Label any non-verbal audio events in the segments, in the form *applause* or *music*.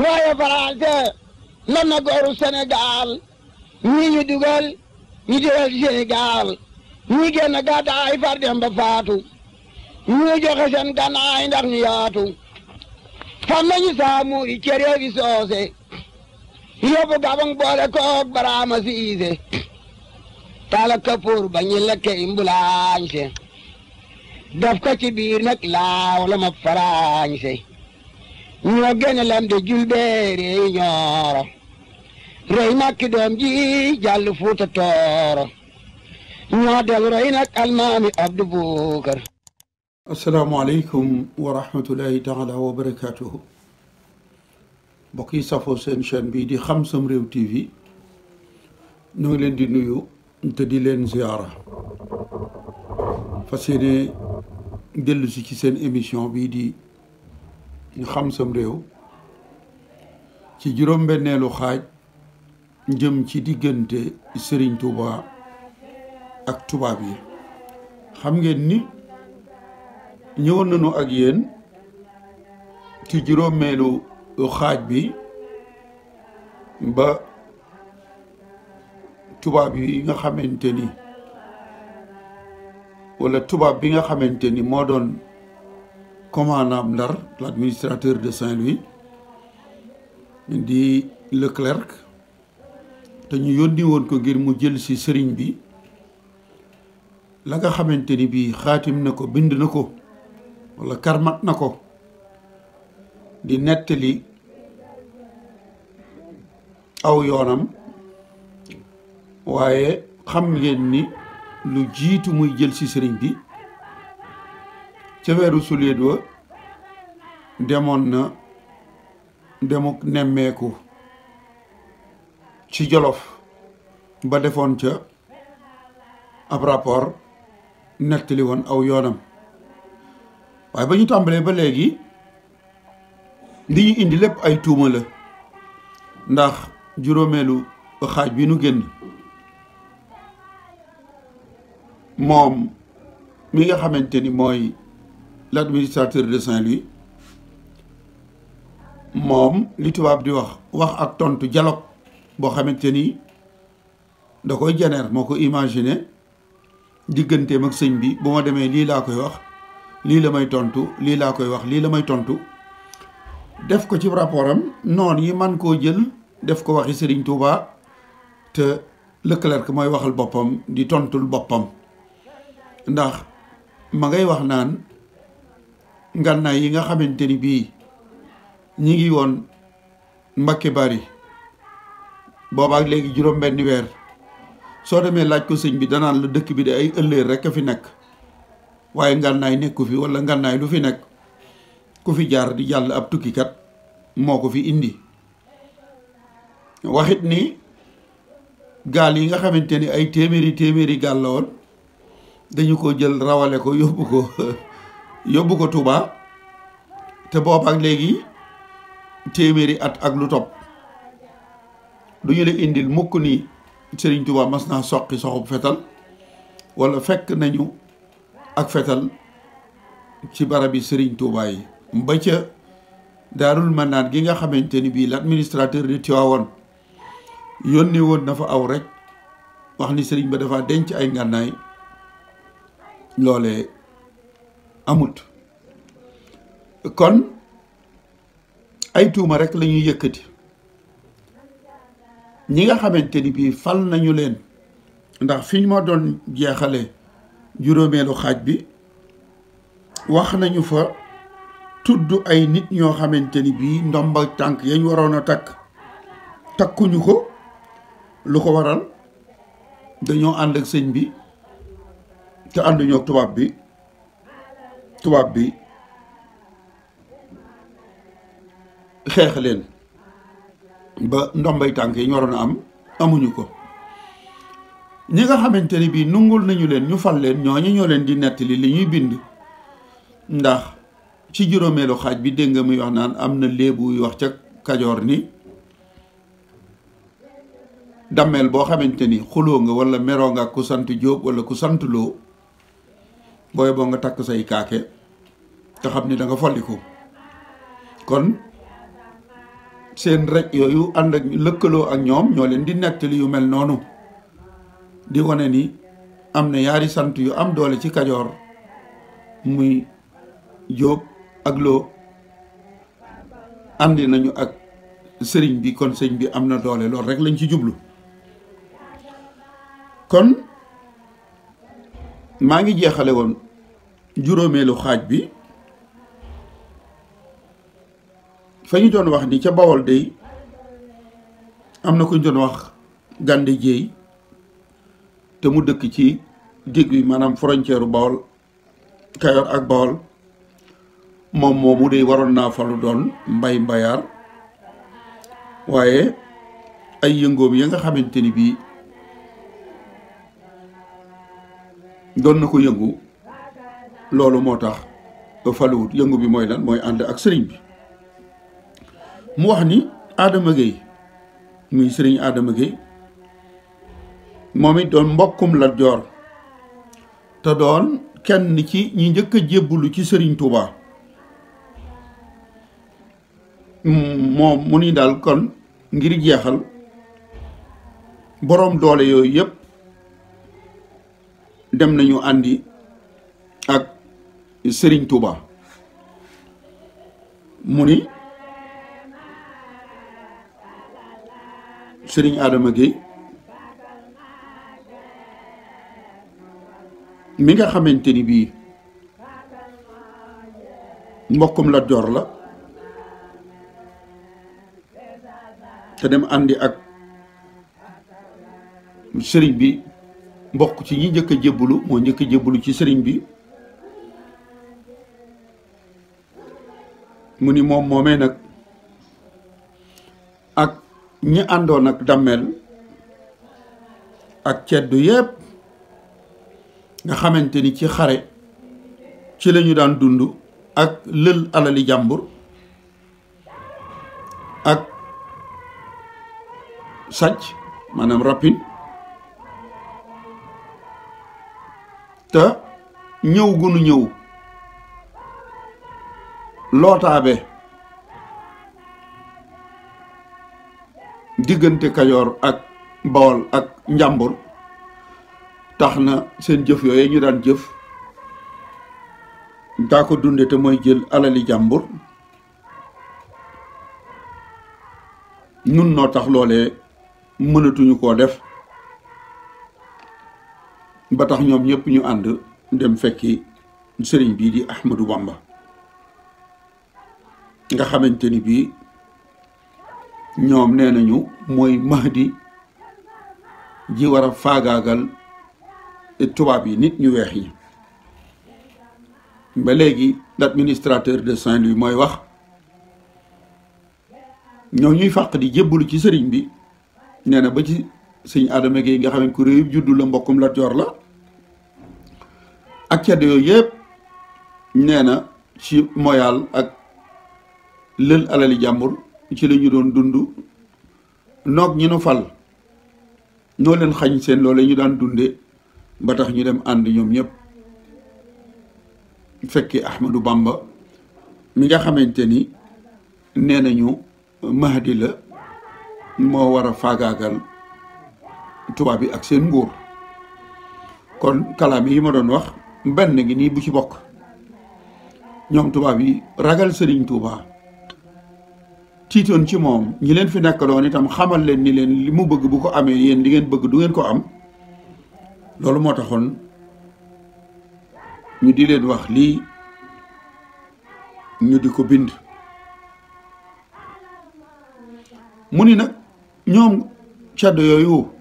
waaye Faranse man na gooru Sénégal ñi ñu dugal ñu dugal Sénégal ñi génn gàddaay far dem faatu ñu joxe seen gànnaay ndax ñu yaatu fam nañu saamuuri cere bi soose yóbbu gabang boole koog baraama siise tala kapoor ba ñu lekke imbulaañse daf ko ci biir laaw la ma faraañse نوغن لام دي جول بيري يارا ري ماك جي جال فوت تور نوادل رينك المامي عبد بوكر السلام عليكم ورحمة الله تعالى وبركاته بقي صفو سين شان بي دي خمس مريو تي في نو دي نيو انت زيارة فسيني دلو سيكي سين اميشان بي ñu xam sam réew ci juróom-benneelu xaaj jëm ci diggante Serigne Touba ak tubaab yi xam ngeen ni ñëwoon nañu ak yéen ci juróomeelu xaaj bi ba tubaab yi nga xamante ni wala tubaab bi nga xamante ni moo doon commandant Ndar l'administrateur de Saint-Louis di Leclerc te ñu yónni woon ko ngir mu jël ci sëriñ bi la nga xamante ni bii xaatim na ko bind na ko walla karmat na ko di nettali aw yoonam waaye xam ngeen ni lu jiitu muy jël ci sëriñ bi ca weeru suliit wa demoon na demuk nemmeeku ci jolof ba defoon ca ab rapport nettali aw yoonam waaye ba ñu tàmbalee ba léegi li ñu indi lépp ay tuumala ndax juróomeelu xaaj bi nu génn moom mi nga xamante ni mooy l'administrateur de Saint-Louis moom li tubaab di wax wax ak tontu dialogue boo xamante ni da koy janeer moo ko imaginé digganteem ak sëñ bi bu ma demee lii laa koy wax lii la may tontu lii laa koy wax lii la may tontu def ko ci rapport am noonu yi man koo jël def ko waxi Serigne Touba te Leclerc mooy waxal boppam di tontul boppam ndax ma ngay wax naan ngànnaay yi nga xamante ni bii ñi ngi woon Mbakke Bari boobaak léegi juróom-benni weer soo demee laaj ko sëñ bi danaan la dëkk bi de ay ëllëer rek a fi nekk waaye ngànnaay nekku fi wala ngànnaay lu fi nekk ku fi jaar di jàll ab tukkikat moo ko fi indi waxit ni gaal yi nga xamante ni ay téeméeri téeméeri gaal la woon dañu ko jël rawale ko yóbbu ko *laughs* yóbbu ko Touba te boobaak léegi téeméeri at ak lu topp du ñu la indil mukk ni sëriñ Touba mas naa soqi soxub fetal walla fekk nañu ak fetal ci barabi sëriñ Touba yi ba ca daarul mannaan gi nga xamante ni bii l'administrateur de Tivaouane yónnee woon na fa aw rekk wax ni sëriñ ba dafa denc ay ngànnaay loole amut kon ay tuuma rek la yëkkati ñi nga xamante ni bii fal nañu leen ndax fi ñu ma doon jeexale juróomeelu xaaj bi wax nañu fa tudd ay nit ñoo xamante ni bii ndombal tànk yañ waroon a takk takkuñu ko lu ko waral dañoo ànd ak sëñ bi te ànduñoo tubaab bi tubaab bi xeex leen ba ndombay tànk yi ñoroon a am amuñu ko ñi nga xamante ni bii nungul nañu leen ñu fal leen ñoo ñooñu ñoo leen di nettali li ñuy bind ndax ci juróomeelu xaaj bi dégg nga muy wax naan am na léebu yu wax ca kajoor ni dammeel boo xamante ni xuloo nga walla meroo nga ku sant jóob wala ku sant loo booy boo nga takk say kaake te xam ni da nga folliku kon seen rej yooyu ànd lëkkaloo ak ñoom ñoo leen di nettali yu mel noonu di wone ni am na yaari sant yu am doole ci kajoor muy jóob ak loo àndi nañu ak sëriñ bi kon sëñ bi am na doole loolu rek lañ ci jublu kon maa ngi jeexale woon juróomeelu xaaj bi fa ñu doon wax ni ca Bawol day am na ko ñu doon wax Gànde Jéey te mu dëkk ci digg bi maanaam frontière Bawol Kayoor ak Bawol moom moomu day waroon naa falu doon mbay mbayaar waaye ay yëngoom ya nga xamante ni bii don na ko yëngu loolu moo tax faluwut yëngu bi mooy lan mooy ànd ak sëriñ bi mu wax ni Adama gay muy sëriñ Adama gay moom it doon mbokkum Lat Joor te doon kenn ci ñi njëkk a ci sëriñ Touba moom mu ni daal kon ngir jeexal borom doole yooyu yépp dem nañu àndi ak Serigne Touba mu ni Serigne Adama Gueye mi nga xamante ni bii mbokkum la joor la te dem àndi ak sëriñ bi mbokk ci ñi njëkk a jébbalu moo njëkk a jébbalu ci sëriñ bi mu ni moom moomee nag ak ñi àndoon ak dammel ak ceddu yépp nga xamante ni ci xare ci lañu daan dund ak lël alali jàmbur ak sàcc maanaam rapine te ñëw gunu ñëw lootaabe diggante kajoor ak bawol ak njàmbur tax na seen jëf yooyu ñu daan jëf daa ko dunde te mooy jël alali jàmbur nun noo tax loole mënatuñu koo def ba tax ñoom ñëpp ñu ànd dem fekki sëriñ bii di ahmadou bamba nga xamante ni bii ñoom nee nañu mooy mahdi ji war a faagaagal tubaab yi nit ñu weex yi ba léegi l'administrateur de Saint-Louis mooy wax ñoo ñuy fàq di jébbalu ci sëriñ bi nee na ba ci Adama nga ku juddu la mbokkum la la ak cedd yooyu yëpp nee na ci moyaal ak lël alali jàmbur ci lañu doon dund noog ñi nu fal noo leen xañ seen loole ñu daan dunde ba tax ñu dem ànd ñoom ñëpp fekki Ahmadou Bamba mi nga xamante ni nee nañu mahadila moo war a faagaagal tubaab yi ak seen nguur kon kalaam yi ma doon wax benn ngi nii bu ci bokk ñoom tubaab yi ragal sëriñ Tuubaa tiitoon ci moom ñi leen fi nekkaloon itam xamal leen ni leen li mu bëgg bu ko amee yéen di ngeen bëgg du ngeen ko am loolu moo taxoon ñu di leen wax lii ñu di ko bind mu ni nag ñoom caddo yooyu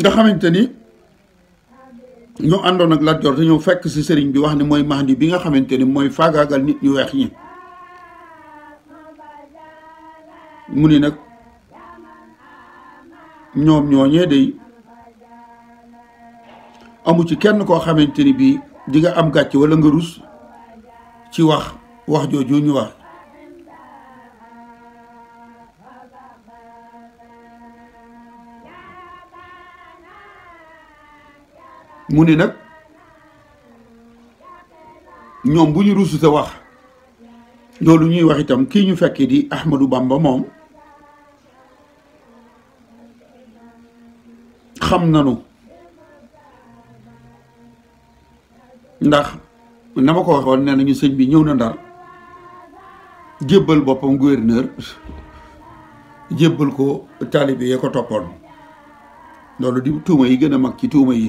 nga xamanteni ñu àndoon ak la jor dañu fekk ci sëriñ bi wax ni moy Mahdi bi nga xamanteni moy fagaagal nit ñu weex ñi mu ni nak ñom ñoñe amu ci kenn ko xamanteni bi diga di nga am gatch wala nga rus ci wax wax ñu wax mu ni nag ñoom bu ñu rusute wax loolu ñuy wax itam kii ñu fekkee di Ahmadou Bamba moom xam nanu ndax na ma ko waxoon nee nañu sëñ bi ñëw na ndar jébbal boppam gouverneur jébbal ko talibe yee ko toppoon loolu di tuuma yi gën a mag ci tuuma yi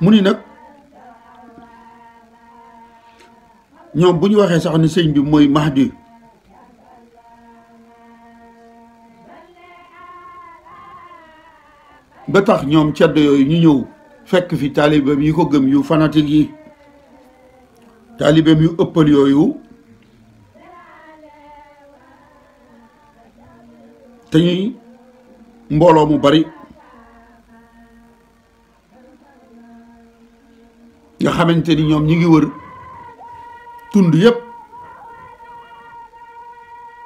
mu ni nag ñoom bu ñu waxee sax ni sëñ bi mooy Mahdi ba tax ñoom cedd yooyu ñu ñëw fekk fi taalibeem yi ko gëm yu fanatique yi taalibeem yu ëppal yooyu te ñuy mbooloo mu bari xamante ni ñoom ñi ngi wër tund yépp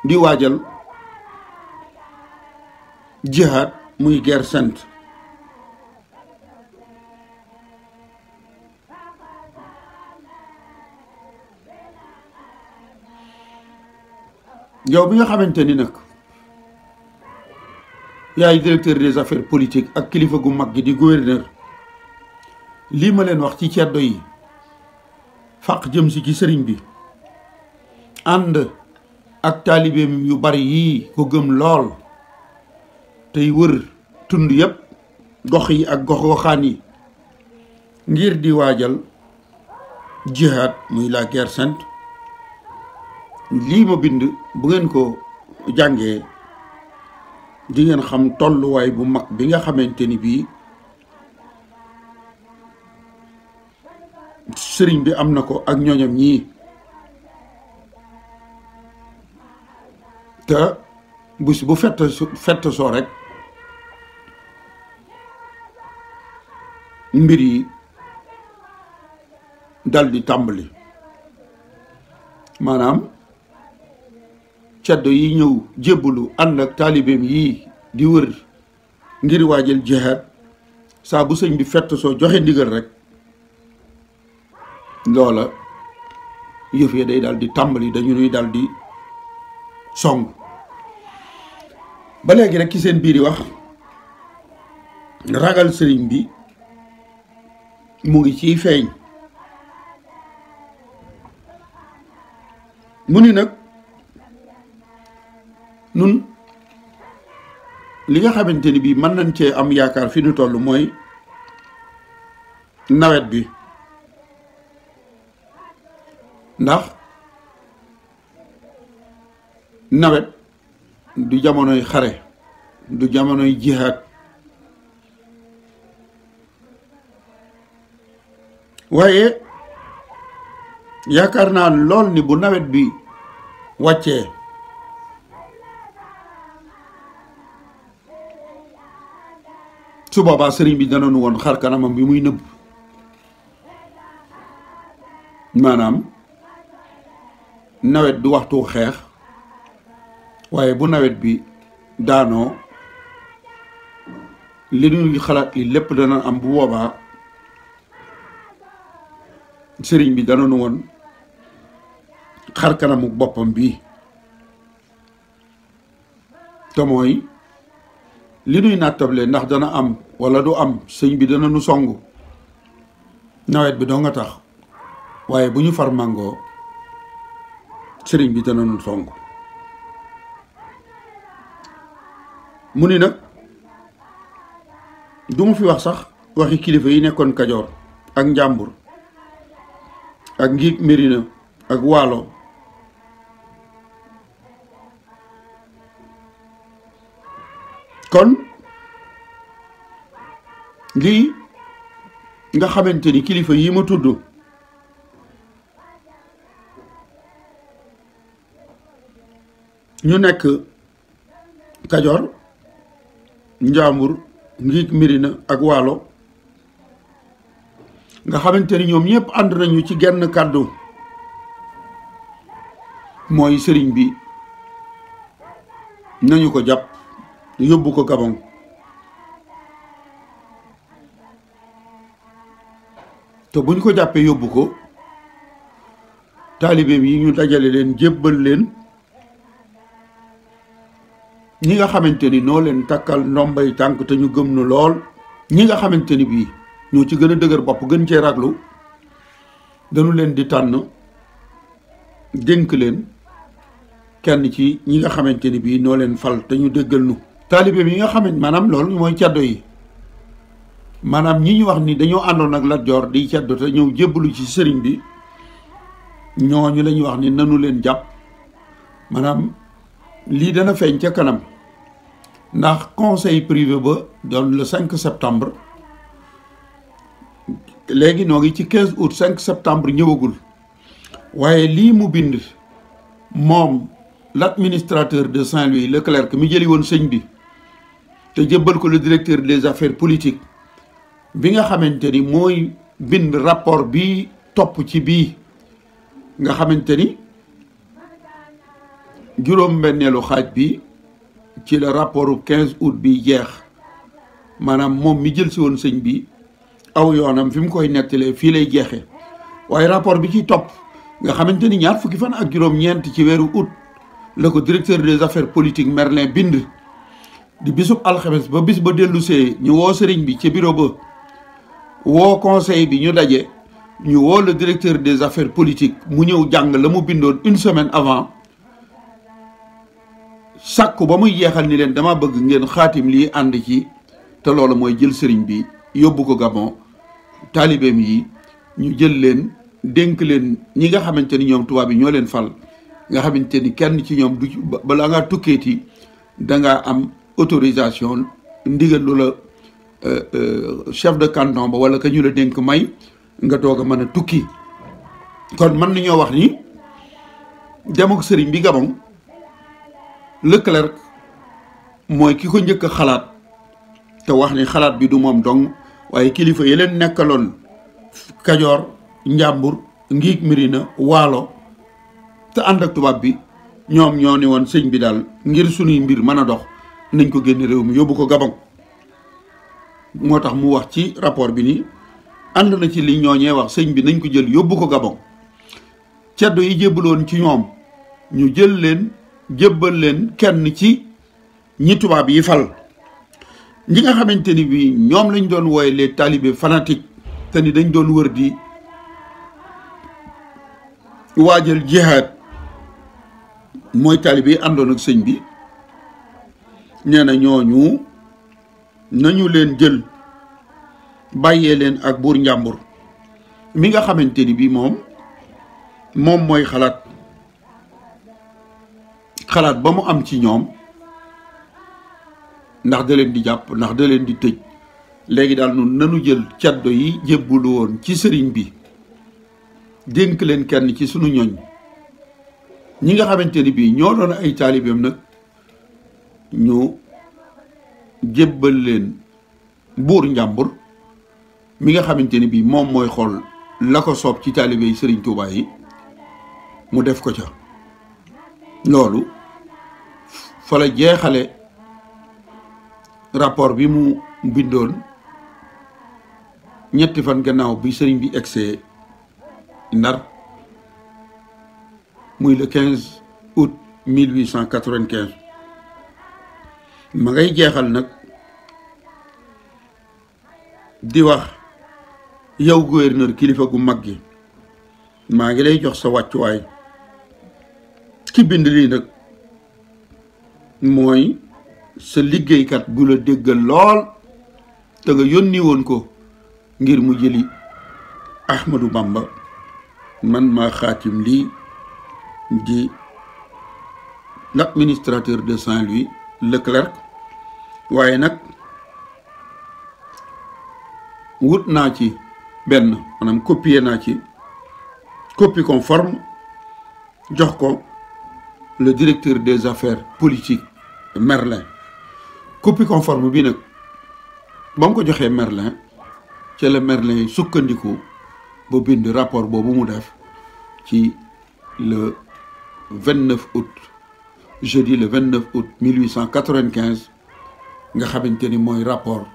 di waajal jihaad muy ger sent yow bi nga xamante ni nag yaay directeur des affaires politiques ak kilifa gu mag gi di gouverneur li ma leen wax ci ceddo yi faq jëm si ci sëriñ bi ànd ak taalibeem yu bari yi ko gëm lool tey wër tund yépp gox yi ak gox goxaan yi ngir di waajal jihad muy la guerre sainte lii ma bind bu ngeen ko jàngee di ngeen xam tolluwaay bu mag bi nga xamante ni sëriñ bi am na ko ak ñooñam ñii te bés bu fett soo rek mbir yi daldi di tàmbali maanaam caddo yi ñëw jébbalu ànd ak taalibeem yii di wër ngir waajal jihaad saa bu sëñ bi fett soo joxe ndigal rek loola yëfe day daal tàmbali dañu nuy daal di song ba léegi rek ci seen biir yi wax ragal sëriñ bi mu ngi ciy feeñ mu ni nag nun li nga xamante ni bii mën nañ cee am yaakaar fi nu toll mooy nawet bi ndax nawet du jamonoy xare du jamonoy jihaad waaye yaakaar naa lool ni bu nawet bi wàccee su boobaa sëriñ bi dana nu woon xar kanamam bi muy nëb maanaam nawet du waxtu xeex waaye bu nawet bi daanoo li ñuy xalaat li lépp dana am bu boobaa sëriñ bi dana nu woon xar boppam bi. te mooy li nuy nattable ndax dana am wala du am sëñ bi dana nu songu nawet bi do nga tax waaye bu ñu far màngoo sëriñ bi dana nu song mu ni nag du ma fi wax sax waxi kilifa yi nekkoon kajoor ak njàmbur ak ngiig mérina ak waalo kon lii nga xamante ni kilifa yi ma tudd ñu nekk Kajoor Njaambur Ngiig Mirina ak Waalo nga xamante ni ñoom ñëpp ànd nañu ci genn kàddu mooy sëriñ bi nañu ko jàpp yóbbu ko Gabon te buñ ko jàppee yóbbu ko taalibeem yi ñu dajale leen jébbal leen ñi nga xamante ni noo leen takkal ndombay tànk te ñu gëm nu lool ñi nga xamante ni bii ñoo ci gën dëgër bopp gën cee raglu dañu leen di tànn dénk leen kenn ci ñi nga xamante ni bii noo leen fal te ñu déggal nu taalibe bi yi nga xamante maanaam loolu mooy caddo yi maanaam ñi ñu wax ni dañoo àndoon ak Lat Joor di caddo te ñëw jébbalu ci sëriñ bi ñooñu la ñuy wax ni nanu leen jàpp maanaam lii dana feeñ ca kanam ndax conseil privé ba doon le 5 septembre léegi noo ngi ci 15 août 5 septembre ñëwagul waaye lii mu bind moom l'administrateur de Saint-Louis le clerc mi jëli woon sëñ bi te jébbal ko le directeur des affaires politiques bi nga xamante ni mooy bind rapport bi top. ci bii nga xamante ni juróom-benneelu xaaj bi ci la rapportu 15 août bi jeex maanaam moom mi jël si woon sëñ bi aw yoonam fi mu koy nettalee fii lay jeexee waaye rapport bi ci topp nga xamante ni ñaar fukki fan ak juróom-ñeent ci weeru août la ko directeur des affaires politiques Merlin bind di bisub alxames ba bis ba dellusee ñu woo sëriñ bi ci bureau ba woo conseil bi ñu daje ñu woo le directeur des affaires politique mu ñëw jàng la mu bindoon une semaine avant sàkku ba muy jeexal ni leen dama bëgg ngeen xaatim lii ànd ci te loolu mooy jël sëriñ bi yóbbu ko Gabon taalibeem yi ñu jël leen dénk leen ñi nga xamante ni ñoom tubaab yi ñoo leen fal nga xamante ni kenn ci ñoom du balaa ngaa tukkeeti dangaa am autorisation ndigal lu euh, euh, chef de canton ba wala ka ñu la dénk may nga doog a mën a tukki kon mën nañoo wax ni dem sëriñ bi Gabon Leclerc mooy ki ko njëkk xalaat te wax ni xalaat bi du moom doŋ waaye kilifa yi leen nekkaloon Kajoor Njàmbur Ngiig Mirina Waalo te ànd ak tubaab bi ñoom ñoo ni woon sëñ bi daal ngir sunuy mbir mën a dox nañ ko génn réew mi yóbbu ko Gabon moo tax mu wax ci rapport bi ni ànd na ci li ñooñee wax sëñ bi nañ ko jël yóbbu ko Gabon ceddo yi jébbaloon ci ñoom ñu jël leen jébbal leen kenn ci ñi tubaab yi fal ñi nga xamante ni bi ñoom lañu doon wooye les talibés fanatiques te ni dañ doon wër di waajal jihaad mooy talibé yi àndoon ak sëñ bi nee na ñooñu nañu leen jël bàyyee leen ak buur njàmbur mi nga xamante ni bi moom moom mooy xalaat xalaat ba mu am ci ñoom ndax da leen di jàpp ndax da leen di tëj léegi daal nun nanu jël caddo yi jébbulu woon ci sëriñ bi dénk leen kenn ci sunu ñoñ ñi nga xamante ni bii ñoo doon ay taalibeem nag ñu jébbal leen buur njàmbur mi nga xamante ni bii moom mooy xool la ko soob ci taalibe sëriñ tuubaay yi mu def ko ca loolu fa la jeexale rapport bi mu bindoon ñetti fan gannaaw bi sëriñ bi egsee Ndar muy le 15 août 1895 ma ngay jeexal nag di wax yow gouverneur kilifa gu mag gi maa ngi lay jox sa wàccuwaay ki bind lii nag mooy sa liggéeykat bu la déggal lool te nga yónni woon ko ngir mu jëli Ahmadou Bamba man maa xaatim lii di l'administrateur de Saint-Louis Leclerc waaye nag wut naa ci benn maanaam copier naa ci copie conforme jox ko le directeur des affaires politiques Merlin copie conforme bi nak Bon ko Merlin C'est le Merlin sukkandiku bind rapport bobu mu def le 29 août jeudi le 29 août 1895 nga xamante moy rapport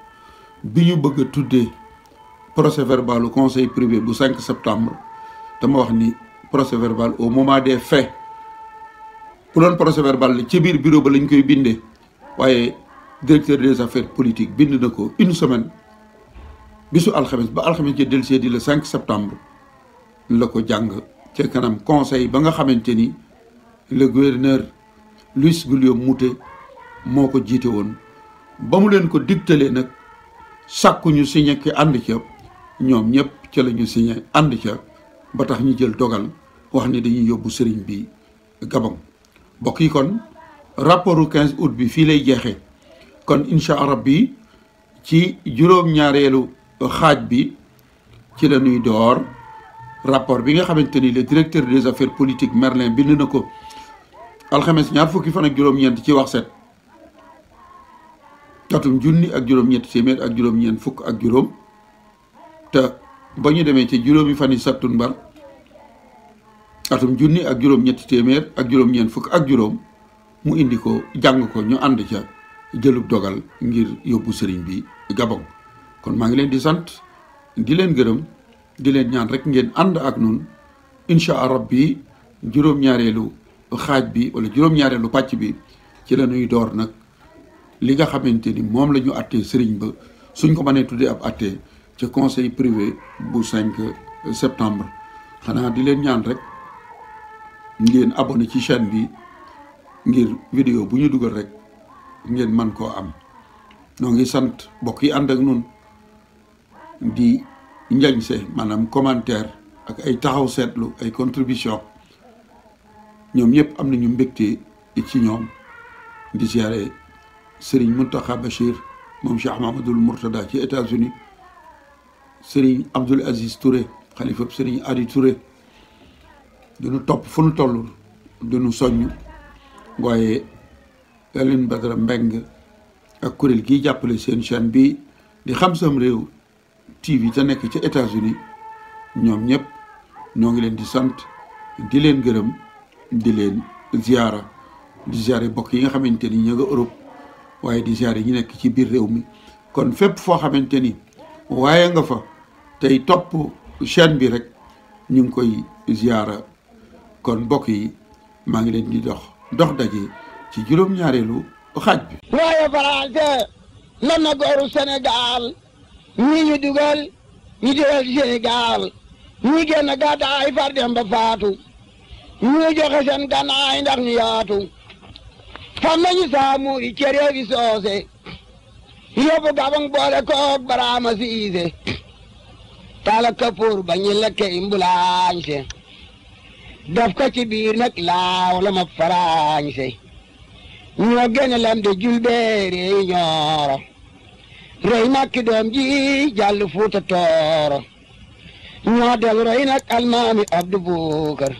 bi bëgg a procès verbal au conseil privé le 5 septembre dama ni procès verbal au moment des faits bu doon procès verbal ci biir bureau ba lañ koy bindee waaye directeur des affaires politique bind na ko une semaine bisu alxames ba alxames ci dellusee di le 5 septembre la ko jàng ca kanam conseil ba nga xamante ni le gouverneur Louis Guillaume Moutet moo ko jiite woon ba mu leen ko digtalee nag sàkku ñu signé ki ànd ca ñoom ñëpp ca lañu ñu ànd ca ba tax ñu jël dogal wax ni dañuy yóbbu sëriñ bi Gabon mbokk yi kon rapportu 15 août bi fii lay jeexee kon incha allah bi ci juróom-ñaareelu xaaj bi ci la nuy door rapport bi nga xamante ni le directeur des affaires politiques Merlin bind na ko alxames ñaar fukki fan ak juróom-ñeent ci wax set tatum junni ak juróom-ñeent ak juróom fukk ak juróom te ba ñu demee ci juróomi fan yi sattumbar atum juni ak juróom ñetti témèr ak juróom ñen fuk ak juróom mu indi ko jang ko ñu and ci jëlub dogal ngir yobbu sëriñ bi gabon kon ma ngi leen di sant di leen gërëm di leen ñaan rek ngeen and ak nun insha rabbi juróom ñaarelu xaj bi wala juróom ñaarelu pacc bi ci la ñuy door nak li nga xamanteni mom moom la ñu attee sëriñ ba suñ ko mané tuddé ab atté ci conseil privé bu 5 septembre xana di leen ñaan rek ngeen abonné ci chaîne bi ngir vidéo bu ñu dugal rek ngeen man koo am noo ngi sant bokk yi ànd ak nun di njañse maanaam commentaire ak ay taxaw seetlu ay contribution ñoom ñëpp am nañu mbégte ci ñoom di siyaare sëriñ Muntaxa Bachir moom Cheikh Mahamadul Mourtada ci États-Unis sëriñ Abdoul Aziz Touré xalifab sëriñ Adi Touré du topp fu nu toll du nu soññ waaye Alioune Badara Mbengue ak kuréel gii jàppale seen chaîne bi di Xam Sam Réew TV te nekk ca États-Unis ñoom ñëpp ñoo ngi leen di sant di leen gërëm di leen ziara di ziare bokk yi nga xamante ni ñëg nga Europe waaye di ziare ñu nekk ci biir réew mi kon fépp foo xamante ni waaye nga fa tey topp chaîne bi rek ñu ngi koy ziara kon mbokk yi maa ngi leen di dox dox daje ci juróom-ñaareelu xaaj waaye faransé lan na gooru Sénégal ñii ñu dugal ñu dugal Sénégal ñii génn gàddaay far dem faatu ñii joxe seen gànnaay ndax ñu yaatu fam nañu saamuur yi cëree soose yóbbu gabang boole koog baraama siise tala kapoor ba ñu lekke imbulaañse daf ko biir nag laaw la ma faraañse ñoo gene lam de julbeere ñooro rey makki doom ji jàll fuuta tooro ñoo del roy nag almaami abdu buukar